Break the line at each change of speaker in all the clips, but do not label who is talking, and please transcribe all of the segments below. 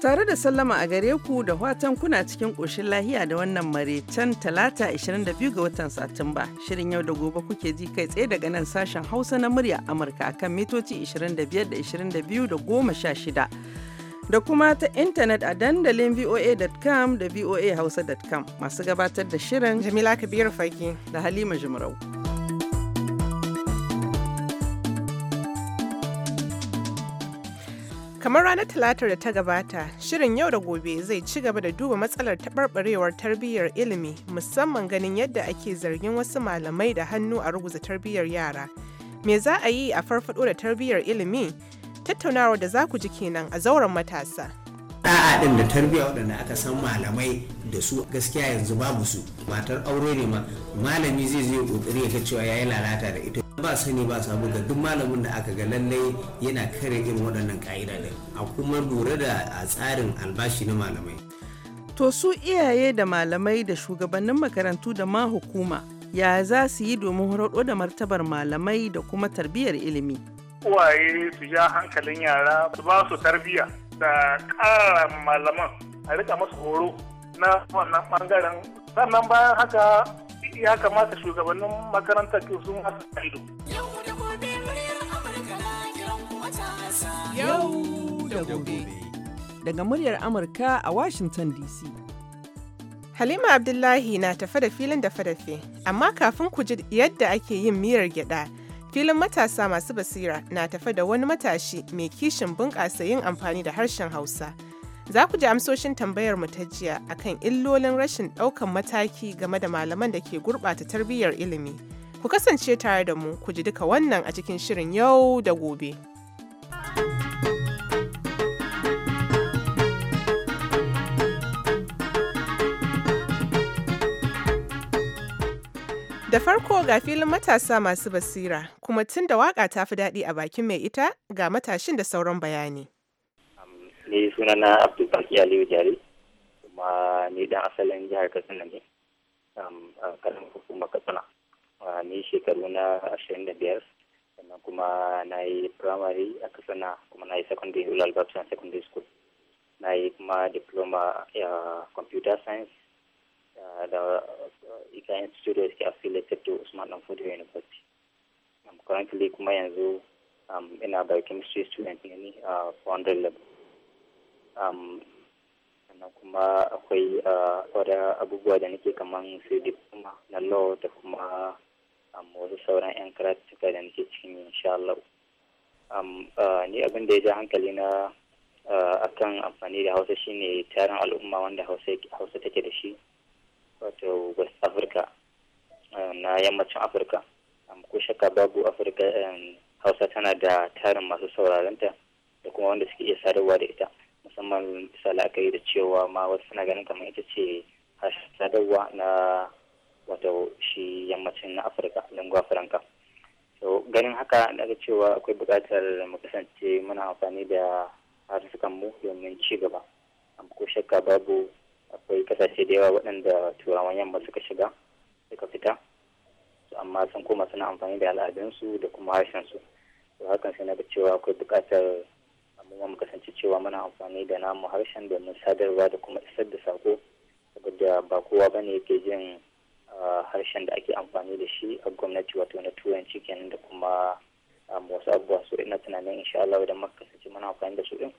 Tare da sallama a gare ku da watan kuna cikin ƙoshin lahiya da wannan maraicen talata 22 ga watan Satumba. Shirin yau da gobe kuke ji kai tsaye daga nan sashen Hausa na murya Amurka akan mitoci 25 da 22 da 16. Da kuma ta intanet a dandalin voa.com da voahausa.com masu gabatar da
shirin Jamila Kabiru Fage da Halima Jumrau. Kamar ranar Talatar da ta gabata, shirin yau da gobe zai ci gaba da duba matsalar taɓarɓarewar tarbiyyar ilimi musamman ganin yadda ake zargin wasu malamai da hannu a ruguza tarbiyyar yara. Me za a yi a farfaɗo da tarbiyyar ilimi? Tattaunawar da za ku ji kenan a zauren matasa.
A'a din da tarbiyya waɗanda aka san malamai da su gaskiya yanzu babu su matar aure ne ma malami zai zai kokari ya ta cewa ya lalata da ita ba sani ba samu ga duk malamin da aka ga lallai yana kare irin waɗannan ka'ida din a kuma lura da a tsarin albashi na malamai
to su iyaye da malamai da shugabannin makarantu da ma hukuma ya za su yi domin hurɗo da martabar malamai da kuma tarbiyyar ilimi
uwaye su ja hankalin yara su ba su tarbiyya da ƙara malaman a rika masu horo na wannan ɓangaren sannan bayan haka ya kamata shugabannin makarantar ke a masu ido.
Yau da gobe. Daga muryar Amurka a Washington DC. Halima Abdullahi na tafe da filin da fadafe, amma kafin ku ji yadda ake yin miyar gyada, filin matasa masu basira na tafe da wani matashi mai kishin bunƙasa yin amfani da harshen Hausa. Za ku ji amsoshin tambayar mu ta jiya akan illolin rashin ɗaukan mataki game da malaman da ke gurɓata tarbiyyar ilimi. Ku kasance tare da mu ku ji duka wannan a cikin shirin yau da gobe. Da farko ga filin matasa masu basira, kuma tun da waƙa ta fi daɗi a bakin mai ita ga matashin da sauran bayani.
ni sunana abdul baki aliyu jari kuma ni dan asalin jihar katsina ne um, a kalan hukuma katsina uh, ni shekaru na ashirin da biyar sannan kuma na yi primary a katsina kuma na yi secondary rural babson secondary school na yi kuma diploma a uh, computer science uh, da ika institute da suke affiliated to usman dan fudu university um, currently kuma yanzu um, ina chemistry student ne a 400 level sannan kuma akwai ah, wada abubuwa da nake kaman su diploma na law da kuma wasu sauran 'yan karatuka da nake cikin insha Allah. Ah, ni abin da ya ja hankali na ah, akan amfani da hausa shine tarin al'umma wanda hausa take da shi wato west africa na yammacin afirka ko shakka babu Africa hausa tana da tarin masu sauraronta da kuma wanda suke iya sadarwa da ita musamman bisa yi da cewa ma wasu suna ganin kamar ita ce sadarwa na wato shi yammacin na afirka lingua franca so ganin haka ga cewa akwai buƙatar mu kasance muna amfani da harsukan mu domin ci gaba ko shakka babu akwai kasashe da yawa waɗanda turawan yamma suka shiga suka fita amma sun koma suna amfani da al'adunsu da kuma harshensu to hakan sai na ga cewa akwai buƙatar mu mu kasance cewa muna amfani da namu harshen domin sadarwa da kuma isar da sako da ba kowa ba ne yake jin harshen da ake amfani da shi a gwamnati wato na turanci kenan da kuma wasu abubuwa su ina tunanin insha Allah idan muka kasance muna amfani da su din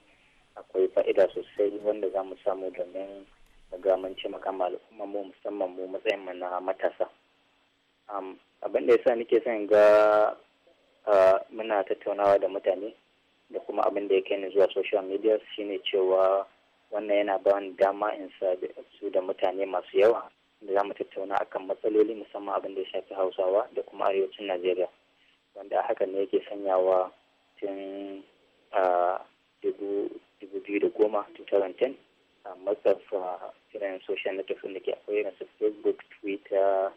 akwai fa'ida sosai wanda za mu samu domin ga mun ce maka al'umma mu musamman mu matsayin mu na matasa abin da yasa nake son ga muna tattaunawa da mutane da kuma abin da ya kai ni zuwa social media shine cewa wannan yana ba ni dama in su da mutane masu yawa da za mu tattauna akan matsaloli musamman abin da ya shafi hausawa da kuma arewacin najeriya wanda hakan ne yake sanyawa tun a dubu biyu 2010 a matsafa irin social network da ke akwai irin su facebook twitter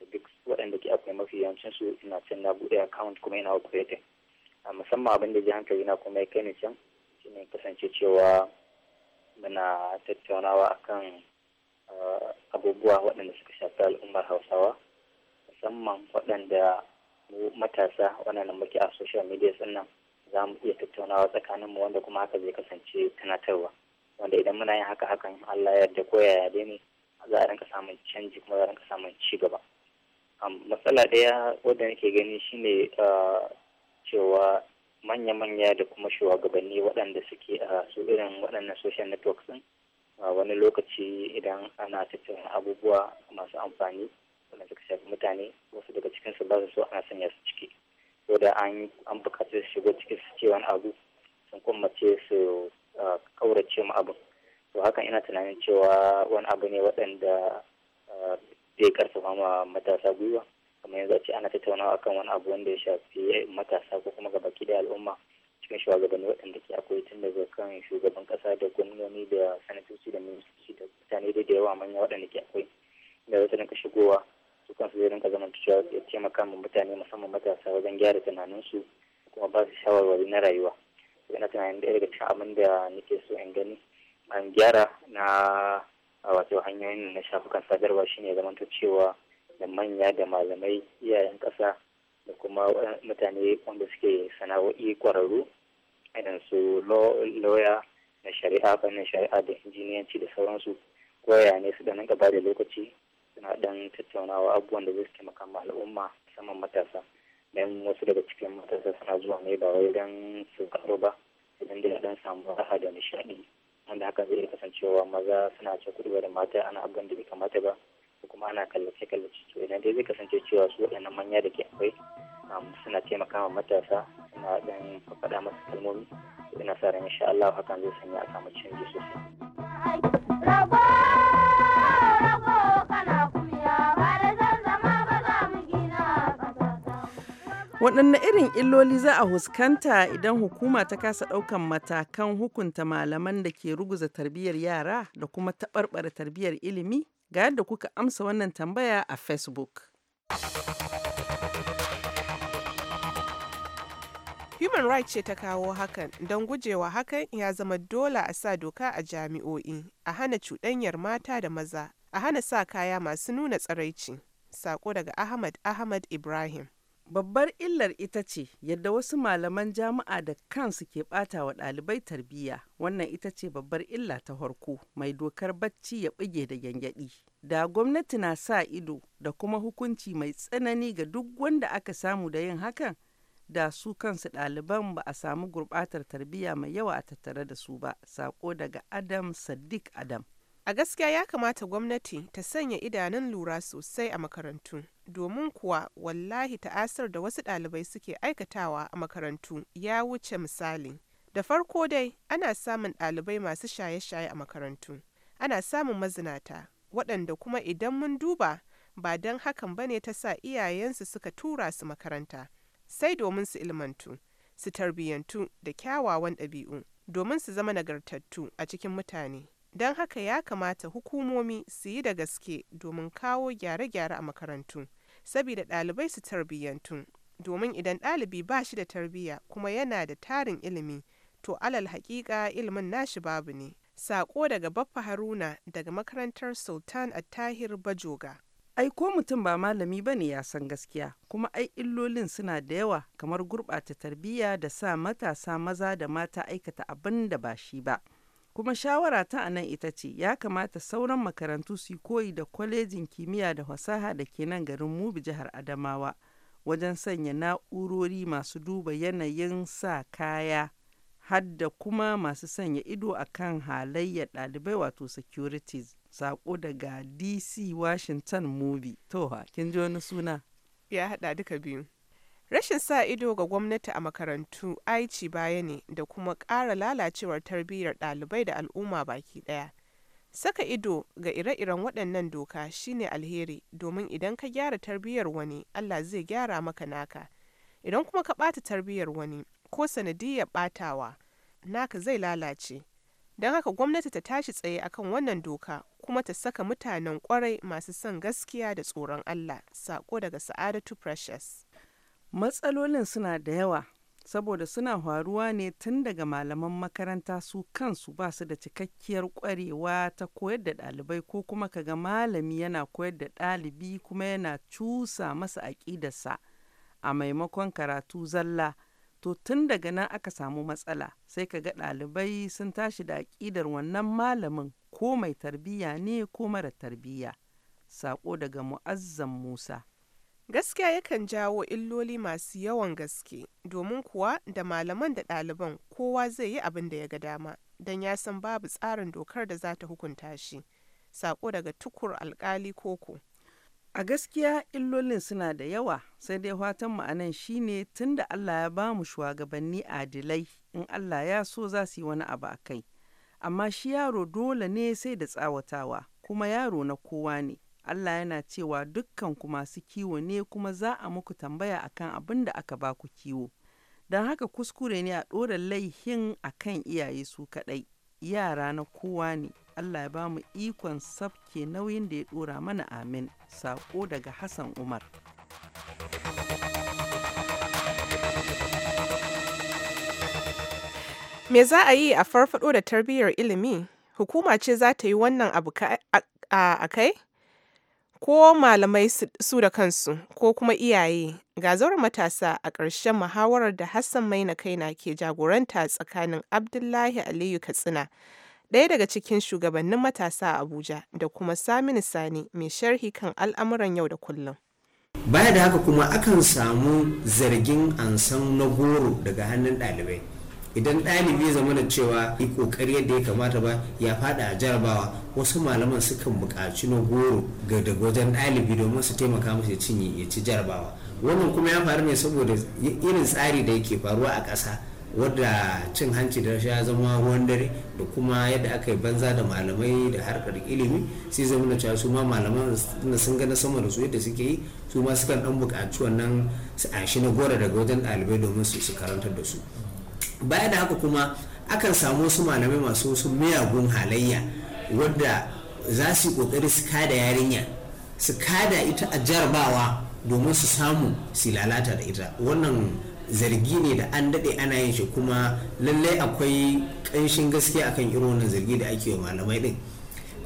da duk waɗanda ke akwai mafi yawancin su ina can na buɗe account kuma ina operating A musamman abin da ji hankali na kuma ya ni can shine kasance cewa muna tattaunawa akan eh, abubuwa waɗanda suka shafi al'ummar hausawa musamman waɗanda mu matasa waɗanda muke a social media sannan za mu iya tattaunawa tsakaninmu wanda kuma haka zai kasance tunatarwa wanda idan muna yin haka hakan allah yarda ko yaya dai ne za a rinka samun canji kuma za a rinka samun ci gaba matsala ɗaya wadda nake gani shine eh, cewa manya-manya da kuma shugabanni waɗanda suke a su irin waɗannan social networks a wani lokaci idan ana cikin abubuwa masu amfani wanda suka shafi mutane wasu daga cikinsu ba su so ana sanya su ciki ko da an buƙaci su shigo cikin su ce wani abu sun kuma ce su ƙaurace mu abin to hakan ina tunanin cewa wani abu ne waɗanda zai karfafa ma matasa gwiwa kamar yanzu a ce ana tattaunawa akan wani abu wanda ya shafi matasa ko kuma gabaki da al'umma cikin shugabanni waɗanda ke akwai tun daga kan shugaban ƙasa da gwamnoni da sanatoci da ministoci da mutane da yawa manya waɗanda ke akwai da wata rinka shigowa su kansu zai rinka zama cewa ya taimaka ma mutane musamman matasa wajen gyara tunaninsu kuma ba su shawarwari na rayuwa ina tunanin ɗaya daga cikin abin da nake so in gani an gyara na wato hanyoyin na shafukan sadarwa shine zamanto cewa da manya da malamai koya na shari'a fannin shari'a da injiniyanci da sauransu koya ne su da nan gaba da lokaci suna dan tattaunawa abubuwan da zai taimaka ma al'umma musamman matasa dan wasu daga cikin matasa suna zuwa ne ba wai dan su karo ba idan da dan samu raha da nishaɗi wanda haka zai kasancewa maza suna cin kuɗi da mata ana abin da bai kamata ba kuma ana kallace kallace to idan dai zai kasance cewa su waɗannan manya da ke akwai um, suna taimaka ma matasa suna dan faɗa masa kalmomi ina sa insha Allah hakan zai sanya a samu canji sosai rago rago
waɗanne irin illoli za a huskanta idan hukuma ta kasa ɗaukan matakan hukunta malaman da ke ruguza tarbiyyar yara da kuma taɓarɓare tarbiyyar ilimi ga yadda kuka amsa wannan tambaya a facebook
Human Rights ce ta kawo hakan don gujewa hakan ya zama dole a sa doka a jami'o'i, a hana cuɗanyar mata da maza, a hana sa kaya masu nuna tsaraici. Sako daga Ahmad Ahmad Ibrahim. Babbar illar ita ce
yadda wasu malaman jami'a da kansu ke ɓata wa ɗalibai tarbiyya wannan ita ce babbar illa ta harko mai dokar bacci ya bige da gyangyaɗi. Da gwamnati na sa ido da kuma hukunci mai tsanani ga duk wanda aka samu da yin hakan da su kansu ɗaliban ba a samu gurɓatar tarbiyya mai yawa a tattare da su ba sako daga
adam sadiq adam a gaskiya ya kamata gwamnati ta sanya idanun lura sosai a makarantu domin kuwa wallahi ta'asar da wasu ɗalibai suke aikatawa a makarantu ya wuce misali da farko dai ana samun ɗalibai masu shaye-shaye a makarantu ana samun mazinata waɗanda kuma idan mun duba ba don hakan bane ta sa iyayensu suka tura su makaranta sai domin su ilmantu, su tarbiyyantu da kyawawan ɗabi'u, domin su zama nagartattu a cikin mutane. Don haka ya kamata hukumomi su yi da gaske domin kawo gyare-gyare a makarantu, saboda ɗalibai su tarbiyyantu, domin idan ɗalibi ba shi da tarbiyya kuma yana da tarin ilimi, to alal haƙiƙa ilimin nashi babu ne. Saƙo daga Baffa Haruna daga makarantar Sultan Tahir Bajoga.
Ai ko mutum ba malami ba ne ya san gaskiya, kuma ai illolin suna da yawa kamar gurɓata tarbiyya da sa matasa maza da mata aikata abin da ba shi ba. Kuma shawara ta anan ita ce ya kamata sauran makarantu su koyi da kwalejin kimiyya da fasaha da ke nan garin Mubi jihar Adamawa wajen sanya na'urori masu duba yanayin sa kaya hadda kuma masu sanya ido akan halayyar ɗalibai wato securities. sako daga dc washington movie toha kin ji wani suna
ya hada duka biyu rashin sa ido ga gwamnati a makarantu aici baya ne da kuma ƙara lalacewar tarbiyyar ɗalibai da al'umma baki ɗaya saka ido ga ire-iren waɗannan doka shine alheri domin idan ka gyara tarbiyyar wani allah zai gyara maka naka idan kuma ka ɓata tarbiyyar wani ko sanadiyar ɓatawa naka zai lalace don haka gwamnati ta tashi tsaye akan wannan doka kuma ta saka mutanen kwarai masu son gaskiya da tsoron Allah. Sako daga Sa'adatu Precious. Matsalolin
suna da yawa saboda suna faruwa ne tun daga malaman makaranta su kansu ba su da cikakkiyar kwarewa ta koyar da ɗalibai ko kuma kaga malami yana koyar da ɗalibi kuma yana cusa masa aƙidarsa a maimakon karatu zalla to tun daga nan aka samu matsala sai kaga ɗalibai sun tashi da aƙidar wannan malamin ko mai tarbiyya ne ko mara tarbiyya. Sako daga
Mu'azzam Musa. Gaskiya yakan jawo illoli masu yawan gaske, domin kuwa da malaman da ɗaliban kowa zai yi abin da ya ga dama, don ya san babu tsarin dokar da za ta hukunta shi. Sako daga tukur alkali koko.
A gaskiya illolin suna da yawa, sai dai fatan mu anan shine tunda Allah ya bamu shugabanni adilai, in Allah ya so za su yi wani abu a kai. amma shi yaro dole ne sai da tsawatawa kuma yaro na kowa ne Allah yana cewa dukkan kuma masu kiwo ne kuma za a muku tambaya akan abin da aka baku kiwo don haka kuskure ne a ɗora laihin akan iyaye su kaɗai yara na kowa ne Allah ya ba mu ikon sabke nauyin da ya ɗora mana amin saƙo
daga Hassan Umar. Me za a yi a farfaɗo da tarbiyyar ilimi? Hukuma ce za ta yi wannan abu a kai? Ko malamai su da kansu, ko kuma iyaye, ga zauren matasa a ƙarshen muhawarar da Hassan mai Maina Kaina ke jagoranta tsakanin Abdullahi Aliyu Katsina, ɗaya daga cikin shugabannin matasa a Abuja, da kuma Saminu Sani mai sharhi kan al'amuran yau da kullum.
Baya da haka kuma akan samu zargin ansan na goro daga hannun ɗalibai. idan ɗalibi ya zama da cewa yi ƙoƙari yadda ya kamata ba ya faɗa a jarabawa wasu malaman sukan buƙaci na goro ga daga wajen ɗalibi domin su taimaka masa cinye ya ci jarabawa wannan kuma ya faru ne saboda irin tsari da yake faruwa a ƙasa wadda cin hanci da rasha zama ruwan dare da kuma yadda aka yi banza da malamai da harkar ilimi sai zama na cewa su ma malaman sun gana sama da su yadda suke yi su ma sukan ɗan buƙaci wannan su ashi na gora daga wajen ɗalibai domin su su karantar da su baya da haka kuma akan samu wasu malamai masu wasu miyagun halayya wadda za su yi kokari su kada yarinya su kada ita a jarabawa domin su samu su lalata da ita wannan zargi ne da an daɗe ana yin shi kuma lallai akwai ƙanshin gaskiya akan irin wannan zargi da ake wa malamai ɗin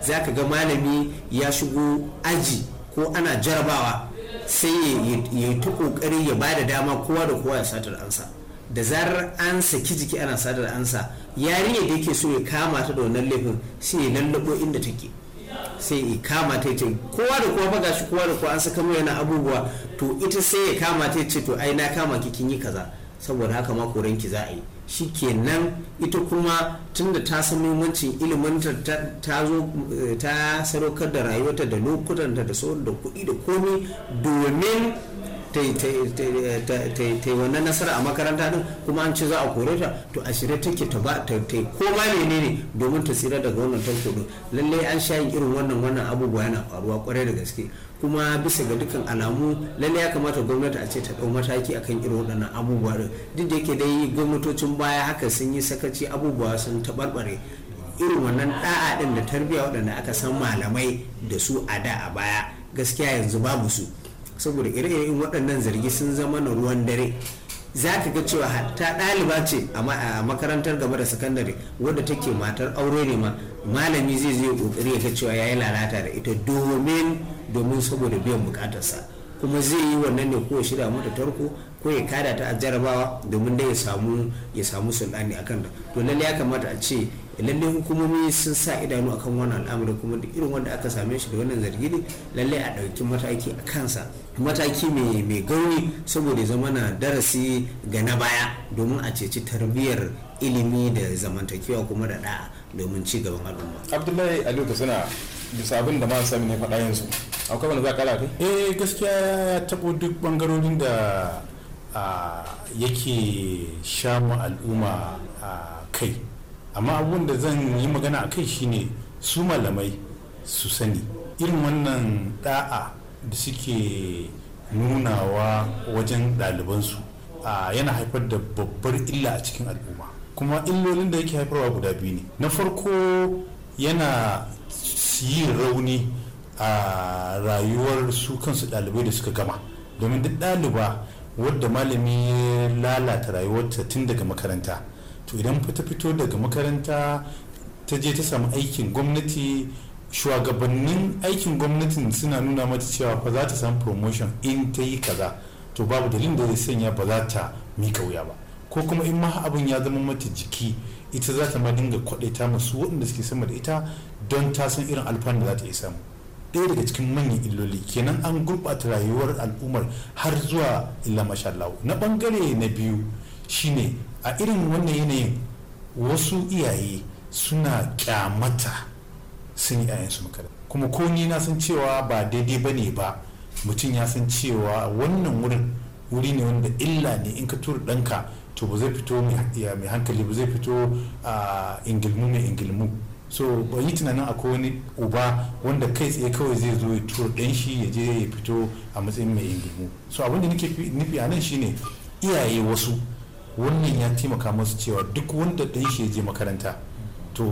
za ka ga malami ya shigo aji ko ana jarabawa sai ya yi ta ƙoƙari ya ba da dama kowa da kowa ya satar ansa. da zarar an saki jiki ana sadar ansa yarinya da yake so ya kama ta da wannan laifin sai ya lallabo inda take sai ya kama ta ce kowa da kowa faga shi kowa da kowa an saka mai yana abubuwa to ita sai ya kama ta ce to ai na kama ki kin yi kaza saboda haka ma koren ki za a yi shikenan ita kuma tunda ta san muhimmancin ilimin ta zo eh, ta sadaukar da rayuwarta da lokutanta da sauran da kuɗi da komai domin ta yi wannan nasara a makaranta din kuma an ci za a kore ta to a shirya take ta ba ta yi ko ma ne domin ta tsira daga wannan tarko din lallai an sha yin irin wannan wannan abubuwa yana faruwa kwarai da gaske kuma bisa ga dukkan alamu lallai ya kamata gwamnati a ce ta dau mataki akan irin waɗannan abubuwa din duk da yake dai gwamnatocin baya haka sun yi sakaci abubuwa sun taɓarɓare irin wannan da'a din da tarbiyya waɗanda aka san malamai da su a da a baya gaskiya yanzu babu su saboda ire-iren waɗannan zargi sun zama na ruwan dare za ka ga cewa hatta ɗaliba ce a makarantar gaba da sakandare wadda take matar aure ne ma malami zai zai kokari ya ga cewa ya yi lalata da ita domin domin saboda biyan bukatarsa kuma zai yi wannan ne ko shida mata tarko ko ya kada ta a jarabawa domin dai ya samu ya samu sulani akan da to lalle ya kamata a ce lalle hukumomi sun sa idanu akan wannan al'amari kuma duk irin wanda aka same shi da wannan zargi ne lalle a ɗauki mataki a kansa mataki mai mai gauri saboda ya zama na darasi ga na baya domin a ceci tarbiyyar ilimi da zamantakewa kuma da da'a domin ci gaban
al'umma abdullahi aliyu ka suna bisa abin da ma sami ne faɗa yanzu akwai wani za ka eh gaskiya ya taɓo duk bangarorin da yake shamu al'umma a kai amma abun da zan yi magana a kai shine su malamai su sani irin wannan da'a da suke nunawa wajen ɗalibansu yana haifar da babbar illa a cikin al'umma kuma illolin da yake haifarwa guda biyu ne na farko yana yi rauni a rayuwar su kansu ɗalibai da suka gama domin duk ɗaliba wadda malami ya lalata rayuwarta tun daga makaranta to idan fita fito daga makaranta ta je ta samu aikin gwamnati shugabannin aikin gwamnatin suna nuna mata cewa fa za ta samu promotion in ta yi kaza to babu dalilin da zai sanya ba za ta mika wuya ba ko kuma in ma abin ya zama mata jiki ita za ta ma dinga kwadaita masu waɗanda suke sama da ita don ta san irin alfanu da za ta iya samu ɗaya daga cikin manyan illoli kenan an gurɓata rayuwar al'ummar har zuwa illa mashallahu na ɓangare na biyu shine a irin wannan yanayin wasu iyaye suna kyamata sun yi yayansu makarai kuma ko ni na san cewa ba daidai ba ne ba mutum ya san cewa wannan wurin wuri ne wanda illa ne in ka tura ɗanka to ba zai fito mai hankali ba zai fito a ah, ingilmu mai ingilmu so ba yi tunanin akwai wani uba wanda kai tsaye kawai zai zo ya turo ɗan shi ya je ya fito a matsayin mai ingimu so abin da nake nufi a nan shine iyaye wasu wannan ya taimaka masu cewa duk wanda ɗan shi ya je makaranta to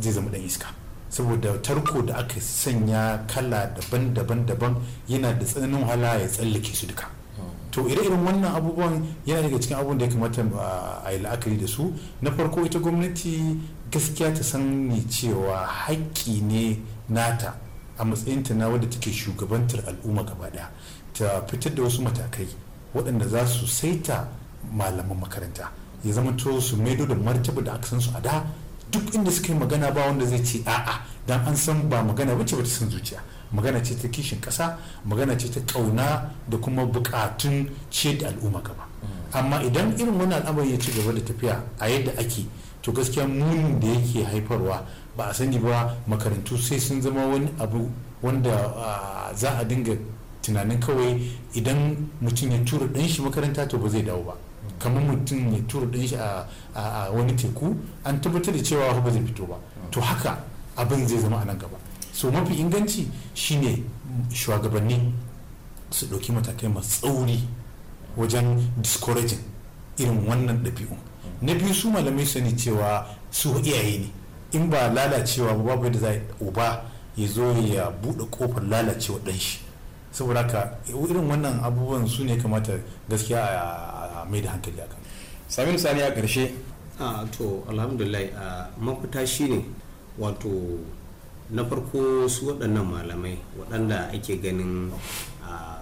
zai zama ɗan iska saboda tarko da aka sanya kala daban-daban daban yana da tsananin wahala ya tsallake su duka to ire-iren wannan abubuwan yana daga cikin abubuwan da ya kamata a yi la'akari da su na farko ita gwamnati gaskiya ta san ni cewa haƙƙi ne nata a matsayinta na wadda take shugabantar al'umma gaba ɗaya ta fitar da wasu matakai waɗanda za su saita malaman makaranta ya zama to su maido da martaba da aka san su a da duk inda suka yi magana ba wanda zai ce a'a dan an san ba magana bace ba ta san zuciya magana ce ta kishin ƙasa magana ce ta ƙauna da kuma buƙatun ce da al'umma gaba mm. amma idan irin wani al'amari ya ci gaba da tafiya a yadda ake to gaskiya munin da yake haifarwa ba a sani ba makarantu sai sun zama wani abu wanda za a dinga tunanin kawai idan mutum ya tura ɗan shi makaranta to ba zai dawo ba kamar mutum ya tura ɗan shi a wani teku an tabbatar da cewa ba zai fito ba to haka abin zai zama a nan gaba so mafi inganci shine shugabanni su ɗauki matakai masu tsauri wajen discouraging irin wannan ɗabi'un na biyu su malamai sani cewa su iyaye ne in ba lalacewa ba babu yadda za uba ya zo ya buɗe kofar lalacewa ɗan shi saboda haka irin wannan abubuwan su ne kamata gaskiya a mai da hankali akan samin sani a ƙarshe a to alhamdulillah a mafita ne wato
na farko su waɗannan malamai waɗanda ake ganin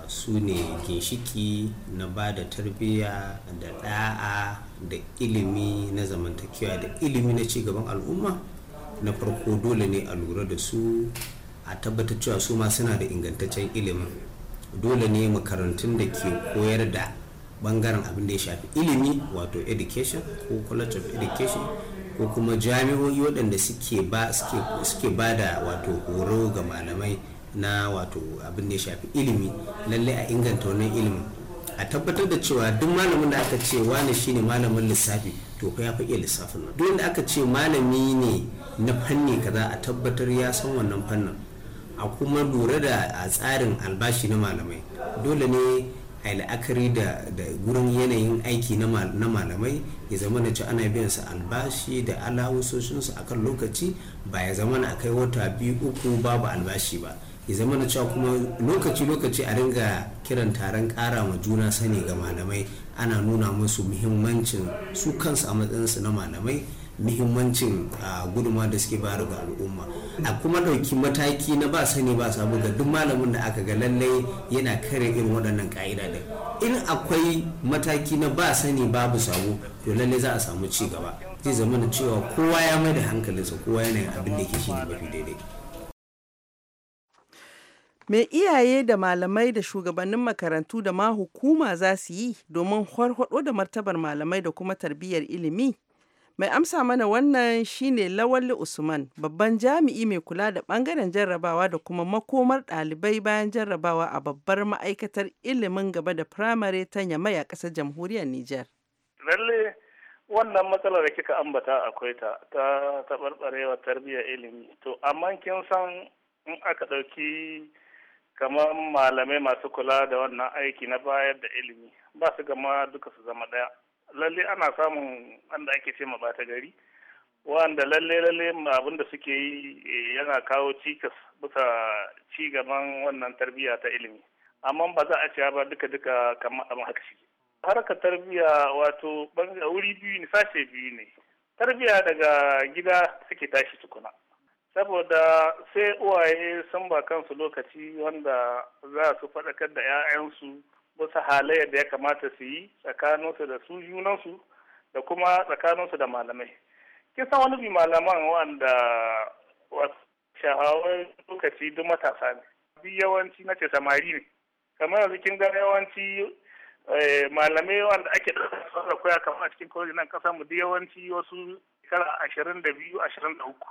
su ne ginshiki na ba da tarbiyya da ɗa'a da ilimi na zamantakewa da ilimi na cigaban al'umma na farko dole ne a lura da su a tabbatar cewa su ma suna da ingantaccen ilimin dole ne makarantun da ke koyar da bangaren abin da ya shafi ilimi wato education ko college of education ko kuma jami'o'i waɗanda suke ba da wato horo ga malamai na wato abin da ya shafi ilimi lalle a inganta wannan ilimi a tabbatar da cewa duk malamin da aka ce wani shine malamin lissafi to fa ya fi iya lissafin nan duk da aka ce malami ne na fanni kaza a tabbatar ya san wannan fannin a kuma lura da a tsarin albashi na malamai dole ne a la'akari da da gurin yanayin aiki na malamai ya zama na ci ana biyan su albashi da alawusoshinsu a kan lokaci ba ya zama na kai wata biyu uku babu albashi ba ya zama na cewa kuma lokaci-lokaci a ringa kiran taron kara ma juna sani ga malamai ana nuna musu muhimmancin su kansu a matsayinsu na malamai muhimmancin guduma da suke bayar ga al'umma a kuma ɗauki mataki na ba sani ba samu ga duk malamin da aka ga lallai yana kare irin waɗannan ka'ida da in akwai mataki na ba sani babu sabo to lallai za a samu ci gaba zai zama da cewa kowa ya mai da hankalinsa kowa yana yin abin da yake
shi ne mafi daidai
Me iyaye da malamai da shugabannin makarantu da ma hukuma za su yi domin harhaɗo da martabar malamai da kuma tarbiyyar ilimi? Mai amsa mana wannan shine Lawalli Usman, babban jami'i mai kula da ɓangaren jarrabawa da kuma makomar ɗalibai bayan jarrabawa a babbar ma'aikatar ilimin gaba da firamare ta Yamai a ƙasar jamhuriyar Nijar.
Lalle wannan matsalar da kika ambata akwai ta ta taɓarɓarewa tarbiyyar ilimi. To amma kin san in aka ɗauki kamar malamai masu kula da wannan aiki na bayar da ilimi ba su gama duka su zama ɗaya lalle ana samun wanda ake ce ma ɓata gari wanda lalle lalle abin da suke yi eh, yana kawo cikas bisa ci gaban wannan tarbiyya ta ilimi amma ba za a ce ba duka duka kamar abin haka shi harkar tarbiyya wato wuri biyu ne sashe biyu ne tarbiyya daga gida suke tashi tukuna saboda sai uwaye sun ba kansu lokaci wanda za su faɗakar da 'ya'yansu wasu halayyar da ya kamata su yi tsakaninsu da su junansu da kuma tsakaninsu da malamai kisan wani bi malaman wanda shahawar lokaci duk matasa ne bi yawanci na ce samari ne kamar yanzu kin ga yawanci eh, malamai wanda ake da koya kamar a cikin kwalejin nan kasa mu duk yawanci wasu shekara ashirin da biyu ashirin da uku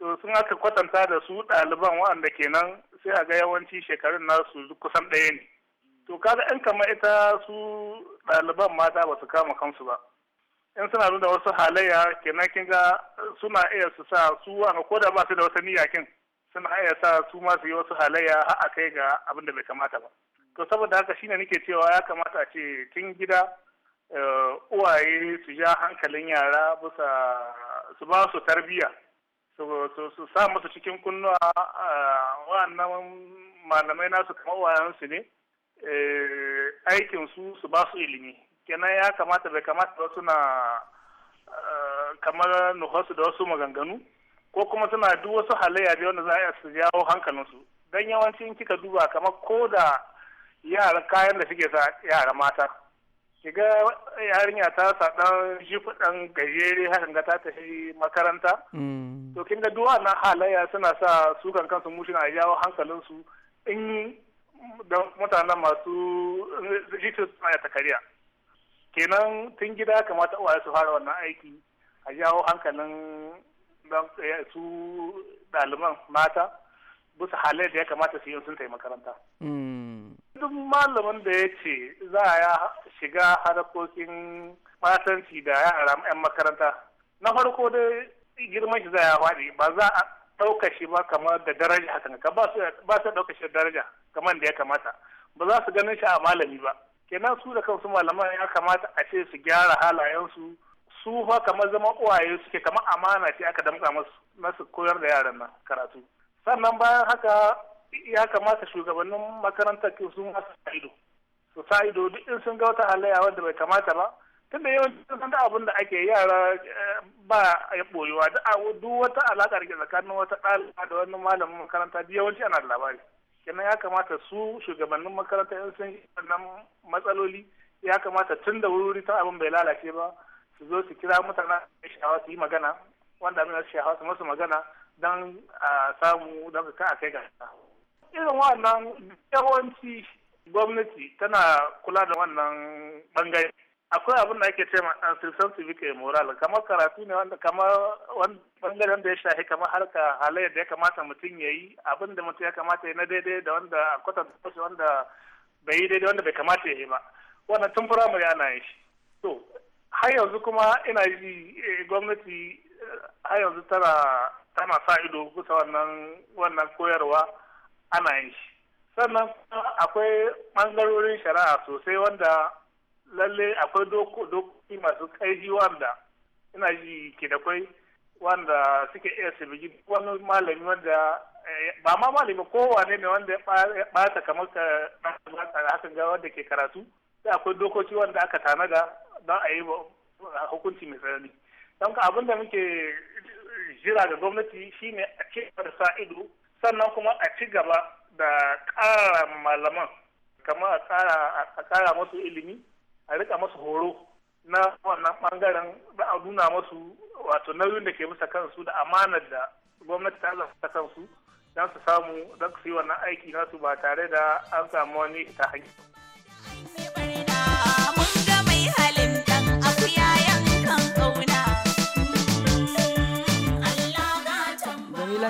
to sun aka kwatanta da su ɗaliban waɗanda kenan sai a ga yawanci shekarun nasu kusan ɗaya ne to kaga in kama ita su ɗaliban mata ba su kama kansu ba in suna nuna wasu halayya kenan kin ga suna iya su sa su wanga ko da ba su da wata niyya kin suna iya sa su ma su yi wasu halayya har a kai ga abin da bai kamata ba to saboda haka shine nake cewa ya kamata ce tun gida eh, uwaye su ja hankalin yara bisa su ba su tarbiyya su sa musu cikin kunnuwa eh, wa'annan malamai nasu kamar wayansu ne eh, aikin su su ba su ilimi kenan ya kamata bai kamata ba suna eh, kamar nufarsu da wasu maganganu ko kuma suna duk wasu halayya da wanda za a su jawo hankalin su dan yawanci kika duba kamar ko da yara kayan da suke sa yara mata shiga yarinya ta sa dan jifudan gajere hakan ga ta tafi makaranta
mm.
to kin ga duwa na halayya suna sa su kansu mushi na jawo hankalinsu in da mutanen masu eh, jitu a ta kariya kenan tun gida kamata uwaye su fara wannan aiki a jawo hankalin eh, su ɗaliban mata bisa halin da ya kamata su yi sun taimaka makaranta.
Hmm.
Duk malamin da ya ce za a shiga harakokin matanci da yara 'yan makaranta. Na farko dai girman shi za ya faɗi ba za a ɗauka shi ba kamar da daraja haka ka ba su ɗauka shi daraja kamar da ya kamata ba za su ganin shi a malami ba kenan su da kansu malaman ya kamata a ce su gyara halayensu su fa kamar zama uwaye suke kamar amana ce aka damƙa masu koyar da yaran nan karatu sannan bayan haka ya kamata shugabannin makarantar su masu ido su sa'ido duk in sun ga wata halayya wanda bai kamata ba tunda yawan cikin sanda abin da ake yara eh, ba a boyuwa duk wata alaƙa da tsakanin wata ɗaliba da wani malamin makaranta yawanci ana da labari kenan ya kamata su shugabannin makaranta in sun yi wannan matsaloli ya kamata tun da wuri ta abin bai lalace ba su zo su kira mutane shawa su yi magana wanda abin da shawa su masu magana don a samu don ka a kai gasa. irin wannan yawanci gwamnati tana kula da wannan bangare akwai abin da ake cewa an sirsan civic moral kamar karatu ne wanda kamar bangaren wanda ya shahi kamar harka halayyar da ya kamata mutum ya yi abin da mutum ya kamata ya na daidai da wanda a kwatar da wanda bai yi daidai wanda bai kamata ya yi ba wannan tun firamare ana yi shi to har yanzu kuma ina ji eh, gwamnati eh, har yanzu tana tana sa ido kusa wannan koyarwa ana yin shi sannan akwai ɓangarorin shari'a sosai wanda lalle akwai dokoki masu ƙaiji wanda ina ji ke da kwai wanda suke iya su bigi wani malami wanda eh, ba ma malami kowane ne wanda ya ɓata kamar ka haka ga wanda ke karatu sai akwai dokoki wanda aka tanada don a yi hukunci mai tsanani don ka abin muke jira da gwamnati shine a ce da sa ido sannan kuma a ci gaba da ƙara malaman kamar a ƙara masu ilimi a rika masu horo na wannan ɓangaren da a nuna masu wato nauyin da ke musa kansu da amanar da gwamnati ta zafa kansu don su samu don su yi wannan aiki nasu ba tare da an samu wani ta hanyar.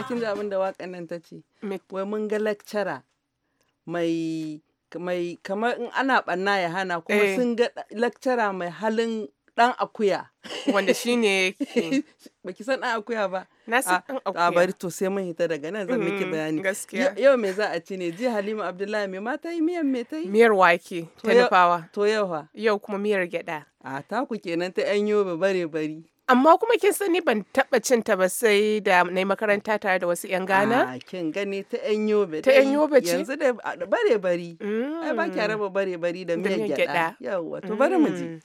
kin ji abin da wakan nan ta ce. Wai mun ga lakcara mai mai kamar in ana banna ya hana kuma eh. sun ga lakcara mai halin dan akuya. Wanda shi ne baki san dan akuya ba. Na san dan ah, akuya. A bari to sai mun hita daga nan zan miki mm, bayani. Gaskiya. Yau me za a ci ne? Ji Halima Abdullahi me ma ta yi miyan me ta yi? Miyar wake ta nufawa. To yau ha? Yau kuma miyar gyada. A ah, taku kenan ta yan
yobe bare bari. amma kuma kin sani ban taɓa cin ta ba sai da na makaranta tare da wasu yan gana Ah, kin gani ta yan yobe. Ta yan yobe ce. Yanzu da bare bari.
Ai ba ki mm. raba bare bari da miyar gyada. Yawwa to bari mu je.
Mm.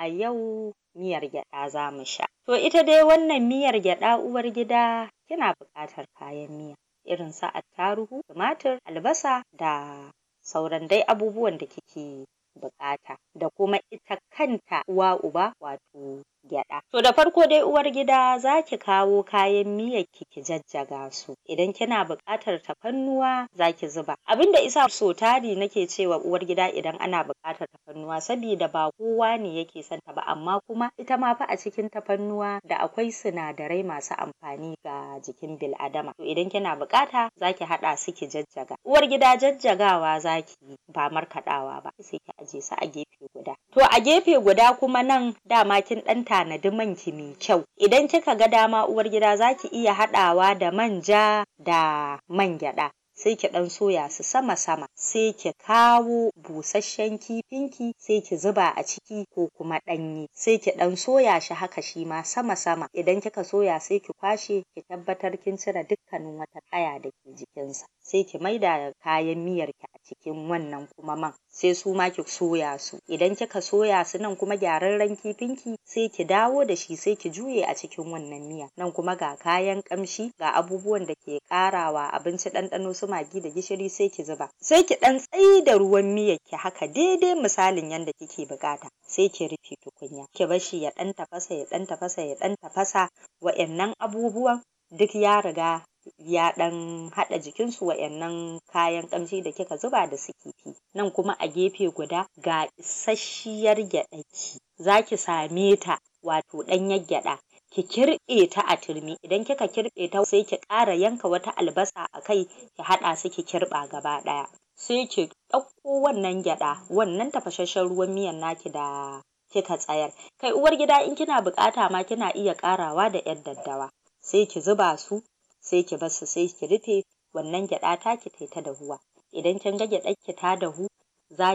A yau miyar gyaɗa za mu sha. To ita dai wannan miyar gyaɗa uwar gida kina buƙatar kayan miya irin su attaruhu, tumatir, albasa da sauran dai abubuwan da kike buƙata da kuma ita kanta uwa uba wato gyada. To da farko dai uwar gida za ki kawo kayan miyar ki ki jajjaga su. Idan kina buƙatar tafannuwa za ki zuba. Abinda isa so tari nake cewa uwar gida idan ana buƙatar tafannuwa sabida ba kowa ne yake son ta ba amma kuma ita ma fa a cikin tafannuwa da akwai sinadarai masu amfani ga jikin bil'adama. To idan kina buƙata za ki haɗa su ki jajjaga. Uwar gida jajjagawa za ki yi ba markaɗawa ba sai ki aje su a gefe guda. To a gefe guda kuma nan dama kin ɗan tanadi manki ki mai kyau idan kika ga dama uwar gida ki iya haɗawa da manja da man gyaɗa sai ki ɗan soya su sama sama sai ki kawo busasshen kifinki sai ki zuba a ciki ko kuma ɗanye sai ki ɗan soya shi haka shi ma sama sama idan kika soya sai ki kwashe ki tabbatar kin cire dukkanin wata ƙaya da ke jikinsa sai ki maida kayan miyarki cikin wannan kuma man sai su ma ki soya su idan kika soya su nan kuma gyararren kifinki sai ki dawo da shi sai ki juye a cikin wannan miya nan kuma ga kayan kamshi ga abubuwan da ke karawa abinci ɗanɗano su magi da gishiri sai ki zuba sai ki ɗan tsayi da ruwan miyar ki haka daidai misalin yadda kike bukata sai ki rufe tukunya ki bashi ya ɗan tafasa ya ɗan tafasa ya ɗan tafasa wa'annan abubuwan duk ya riga ya ɗan haɗa jikinsu nan kayan ƙamshi da kika zuba da su kifi nan kuma a gefe guda ga isasshiyar gyaɗaki za ki same ta wato ɗanyar gyada. ki kirɓe ta a turmi idan kika kirɓe ta sai ki ƙara yanka wata albasa a kai ki haɗa su ki kirɓa gaba ɗaya sai ki ɗauko wannan gyaɗa wannan tafasasshen ruwan miyan naki da kika tsayar kai uwar gida in kina buƙata ma kina iya ƙarawa da 'yar daddawa sai ki zuba su sai ki barsu sai ki rufe wannan gyaɗa ta ki ta dahuwa idan kin ga gyaɗar ki ta dahu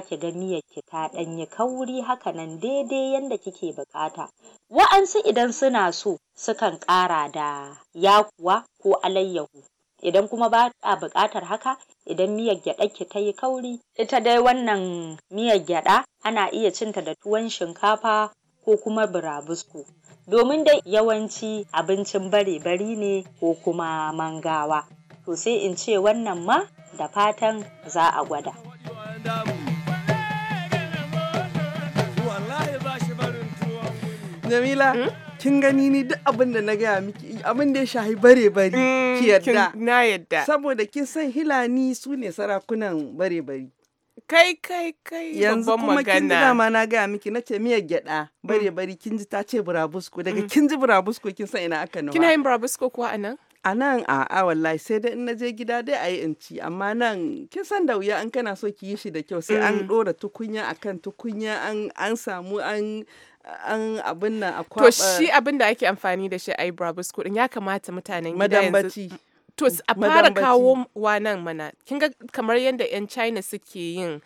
ki ga miyar ki ta ɗan yi kauri haka nan daidai yanda kike buƙata wa'ansu idan suna so sukan ƙara da yakuwa ko alayyahu idan kuma ba a buƙatar haka idan miyar gyaɗar ki yi kauri ita dai wannan miyar gyada ana iya cinta da tuwon shinkafa ko kuma burabusko domin dai yawanci abincin bare-bari ne ko kuma mangawa. To sai in ce wannan ma da fatan za a gwada.
Jamila, hmm? kin gani ni duk abin da na gaya miki abin da ya shahi bare bare ki hmm, yadda. yadda. Saboda kin san Hilani su ne sarakunan bare bare.
Kai kai kai yanzu kuma kin ji dama
na gaya miki na ce miyar gyada mm. bare bari kin ji ta ce burabusko daga mm. kin ji burabusko kin san ina aka nawa. Kina yin
burabusko kuwa a nan?
a nan a a wallahi sai dai in na je gida dai a yi in ci amma nan kin san da wuya an kana so ki yi shi
da kyau sai an dora mm. tukunya akan tukunya an an samu an an abin nan akwai to shi abin da ake amfani da shi a yi burabusko din ya kamata mutanen gida yanzu madambaci to a fara kawo wa nan mana kin ga kamar yadda 'yan china suke yin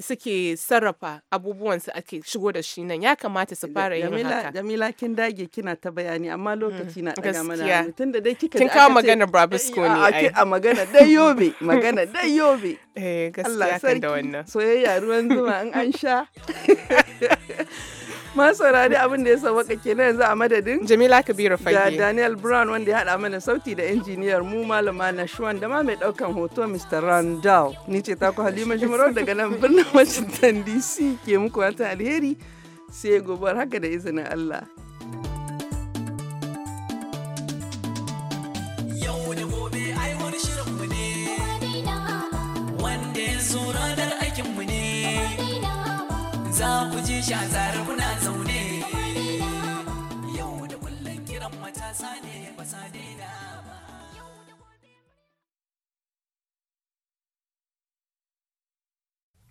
suke sarrafa abubuwansu ake shigo da shi nan ya kamata su fara yin haka jamila kin dage kina ta bayani amma mm, lokaci na daga mana
tun da dai kika kin kawo magana brabisco ne a magana dai yobe magana dai yobe eh gaskiya kan da wannan soyayya ruwan zuma in an sha masara da abin da ya waka kenan yanzu a madadin Jamila Kabiru Fage da Daniel Brown wanda ya hada mana sauti da injiniyar mu malama Nashwan da ma mai daukan hoto Mr. Randall ni ce taku Halima Jumarau daga nan birnin Washington DC ke muku wata alheri sai gobar haka da izinin Allah a